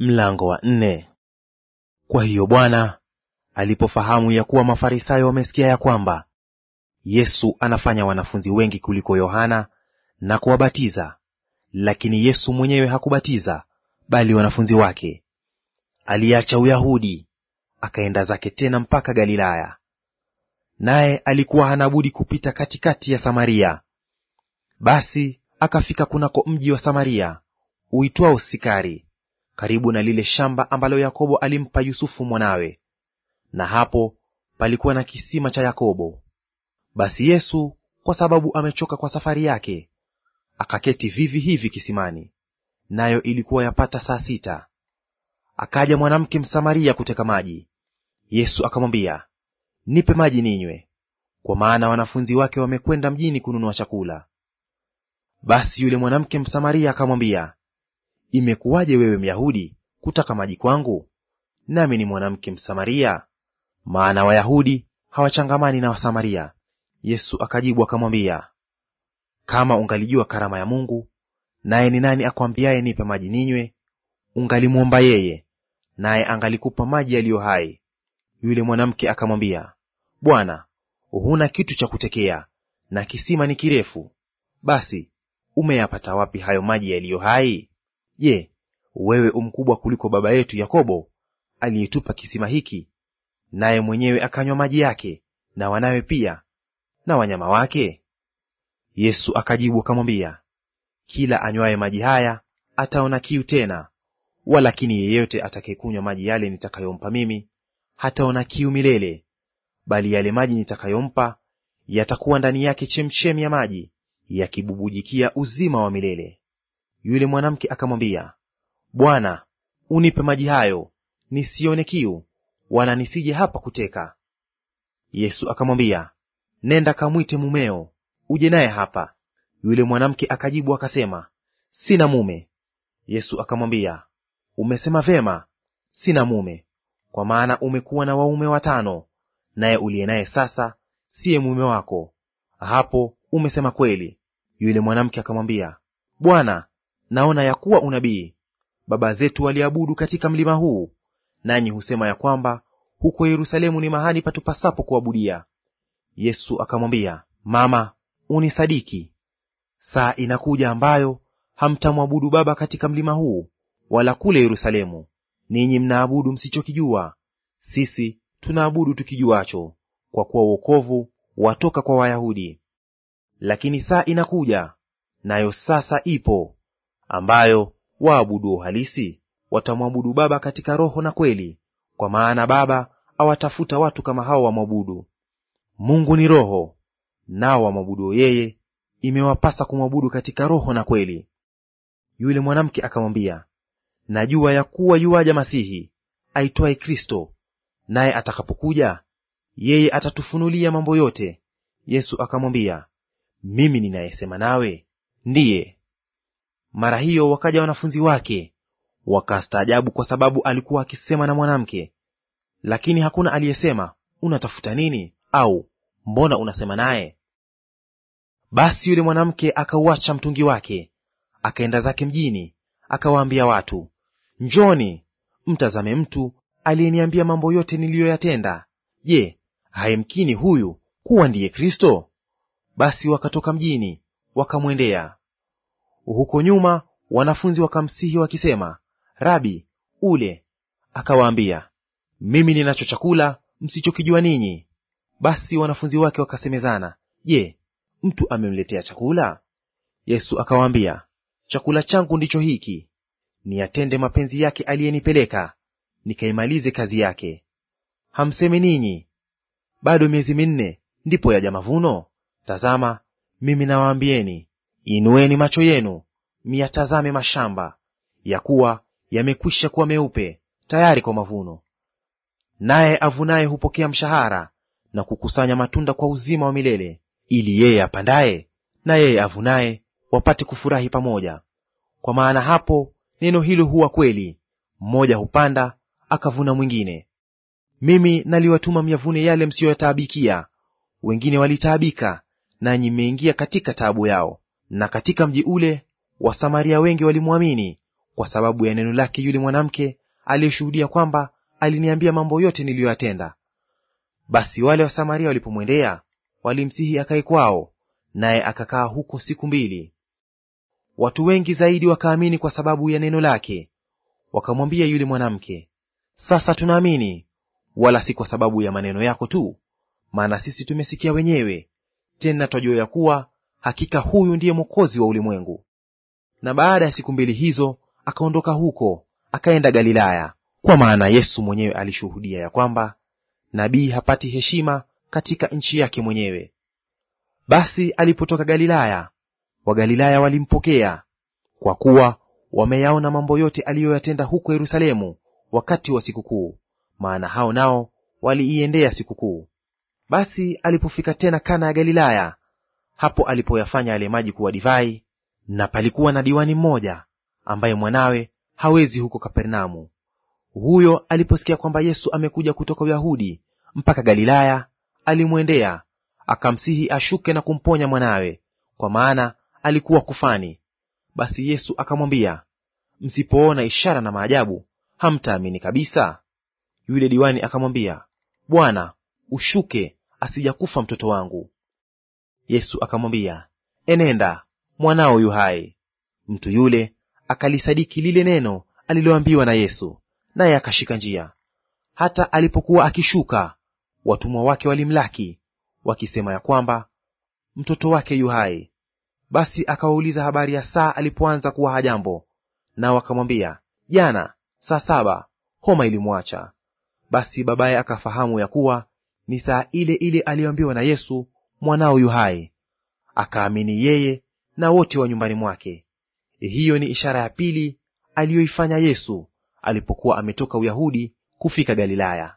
Mlango wa nne. Kwa hiyo Bwana alipofahamu ya kuwa Mafarisayo wamesikia ya kwamba Yesu anafanya wanafunzi wengi kuliko Yohana na kuwabatiza, lakini Yesu mwenyewe hakubatiza bali wanafunzi wake, aliacha Uyahudi akaenda zake tena mpaka Galilaya. Naye alikuwa hana budi kupita katikati ya Samaria. Basi akafika kunako mji wa Samaria uitwao Sikari karibu na lile shamba ambalo Yakobo alimpa Yusufu mwanawe, na hapo palikuwa na kisima cha Yakobo. Basi Yesu kwa sababu amechoka kwa safari yake, akaketi vivi hivi kisimani, nayo ilikuwa yapata saa sita. Akaja mwanamke Msamaria kuteka maji. Yesu akamwambia, nipe maji ninywe, kwa maana wanafunzi wake wamekwenda mjini kununua chakula. Basi yule mwanamke Msamaria akamwambia, imekuwaje wewe Myahudi kutaka maji kwangu, nami ni mwanamke Msamaria? Maana Wayahudi hawachangamani na Wasamaria. Yesu akajibu akamwambia, kama ungalijua karama ya Mungu, naye ni nani akwambiaye nipe maji ninywe, ungalimwomba yeye, naye angalikupa maji yaliyo hai. Yule mwanamke akamwambia, Bwana, huna kitu cha kutekea, na kisima ni kirefu, basi umeyapata wapi hayo maji yaliyo hai? Je, wewe umkubwa kuliko baba yetu Yakobo aliyetupa kisima hiki, naye mwenyewe akanywa maji yake, na wanawe pia na wanyama wake? Yesu akajibu akamwambia, kila anywaye maji haya ataona kiu tena, walakini yeyote atakayekunywa maji yale nitakayompa mimi hataona kiu milele, bali yale maji nitakayompa yatakuwa ndani yake chemchemi ya maji yakibubujikia uzima wa milele. Yule mwanamke akamwambia, Bwana, unipe maji hayo, nisione kiu, wala nisije hapa kuteka. Yesu akamwambia, nenda kamwite mumeo, uje naye hapa. Yule mwanamke akajibu akasema, sina mume. Yesu akamwambia, umesema vyema, sina mume, kwa maana umekuwa na waume watano, naye uliye naye sasa siye mume wako; hapo umesema kweli. Yule mwanamke akamwambia, Bwana, naona ya kuwa unabii. Baba zetu waliabudu katika mlima huu, nanyi husema ya kwamba huko Yerusalemu ni mahali patupasapo kuabudia. Yesu akamwambia, Mama, unisadiki. Saa inakuja ambayo hamtamwabudu Baba katika mlima huu wala kule Yerusalemu. Ninyi mnaabudu msichokijua, sisi tunaabudu tukijuacho, kwa kuwa wokovu watoka kwa Wayahudi. Lakini saa inakuja, nayo sasa ipo, ambayo waabuduo uhalisi watamwabudu Baba katika roho na kweli, kwa maana Baba awatafuta watu kama hao wamwabudu. Mungu ni roho, nao wamwabuduo yeye imewapasa kumwabudu katika roho na kweli. Yule mwanamke akamwambia, najua ya kuwa yuwaja Masihi aitwaye Kristo, naye atakapokuja yeye atatufunulia mambo yote. Yesu akamwambia, mimi ninayesema nawe ndiye. Mara hiyo wakaja wanafunzi wake wakastaajabu, kwa sababu alikuwa akisema na mwanamke. Lakini hakuna aliyesema, unatafuta nini? au mbona unasema naye? Basi yule mwanamke akauacha mtungi wake, akaenda zake mjini, akawaambia watu, njoni mtazame mtu aliyeniambia mambo yote niliyoyatenda. Je, haimkini huyu kuwa ndiye Kristo? Basi wakatoka mjini wakamwendea. Huko nyuma wanafunzi wakamsihi wakisema, Rabi, ule. Akawaambia, mimi ninacho chakula msichokijua ninyi. Basi wanafunzi wake wakasemezana, je, mtu amemletea chakula? Yesu akawaambia, chakula changu ndicho hiki, niyatende mapenzi yake aliyenipeleka, nikaimalize kazi yake. Hamsemi ninyi, bado miezi minne ndipo yaja mavuno? Tazama, mimi nawaambieni Inueni macho yenu myatazame mashamba, ya kuwa yamekwisha kuwa meupe tayari kwa mavuno. Naye avunaye hupokea mshahara na kukusanya matunda kwa uzima wa milele, ili yeye apandaye na yeye avunaye wapate kufurahi pamoja. Kwa maana hapo neno hilo huwa kweli, mmoja hupanda akavuna mwingine. Mimi naliwatuma myavune yale msiyoyataabikia; wengine walitaabika, nanyi mmeingia katika taabu yao. Na katika mji ule Wasamaria wengi walimwamini kwa sababu ya neno lake yule mwanamke aliyeshuhudia kwamba aliniambia mambo yote niliyoyatenda. Basi wale Wasamaria walipomwendea, walimsihi akae kwao, naye akakaa huko siku mbili. Watu wengi zaidi wakaamini kwa sababu ya neno lake. Wakamwambia yule mwanamke, sasa tunaamini, wala si kwa sababu ya maneno yako tu, maana sisi tumesikia wenyewe, tena twajua ya kuwa hakika huyu ndiye mwokozi wa ulimwengu. Na baada ya siku mbili hizo akaondoka huko akaenda Galilaya, kwa maana Yesu mwenyewe alishuhudia ya kwamba nabii hapati heshima katika nchi yake mwenyewe. Basi alipotoka Galilaya, Wagalilaya walimpokea, kwa kuwa wameyaona mambo yote aliyoyatenda huko Yerusalemu wakati wa sikukuu, maana hao nao waliiendea sikukuu. Basi alipofika tena Kana ya Galilaya, hapo alipoyafanya yale maji kuwa divai. Na palikuwa na diwani mmoja ambaye mwanawe hawezi huko Kapernaumu. Huyo aliposikia kwamba Yesu amekuja kutoka Uyahudi mpaka Galilaya, alimwendea akamsihi ashuke na kumponya mwanawe, kwa maana alikuwa kufani. Basi Yesu akamwambia, msipoona ishara na maajabu hamtaamini kabisa. Yule diwani akamwambia, Bwana, ushuke, asijakufa mtoto wangu. Yesu akamwambia, enenda, mwanao yu hai. Mtu yule akalisadiki lile neno aliloambiwa na Yesu, naye akashika njia. Hata alipokuwa akishuka, watumwa wake walimlaki wakisema ya kwamba mtoto wake yu hai. Basi akawauliza habari ya saa alipoanza kuwa hajambo, nao akamwambia, jana saa saba homa ilimwacha. Basi babaye akafahamu ya kuwa ni saa ile ile aliyoambiwa na Yesu mwanao yu hai, akaamini yeye na wote wa nyumbani mwake. E, hiyo ni ishara ya pili aliyoifanya Yesu alipokuwa ametoka Uyahudi kufika Galilaya.